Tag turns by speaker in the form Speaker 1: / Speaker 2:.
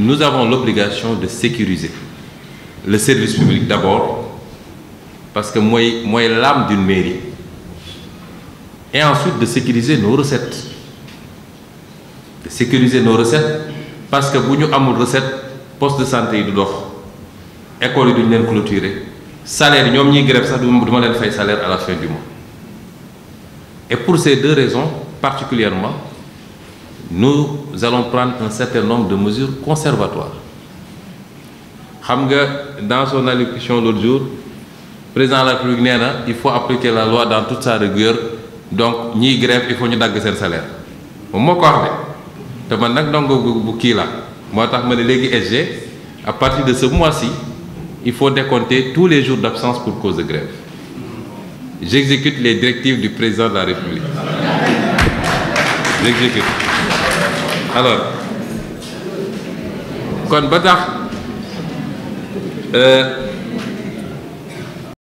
Speaker 1: nous avons l'obligation de sécuriser le service public d'abord, parce que moi, moi l'âme d'une mairie, et ensuite de sécuriser nos recettes. De sécuriser nos recettes, parce que si nous avons des recettes, poste de santé, de école, nous clôturer, salaire, nous avons grève, nous faire salaire à la fin du mois. Et pour ces deux raisons, particulièrement, nous allons prendre un certain nombre de mesures conservatoires. Dans son allocution l'autre jour, président de la République il faut appliquer la loi dans toute sa rigueur. Donc, ni grève, il faut nous donner un salaire. Je suis d'accord. à partir de ce mois-ci, il faut décompter tous les jours d'absence pour cause de grève. J'exécute les directives du président de la République. J'exécute. alors
Speaker 2: kon ba tax euh,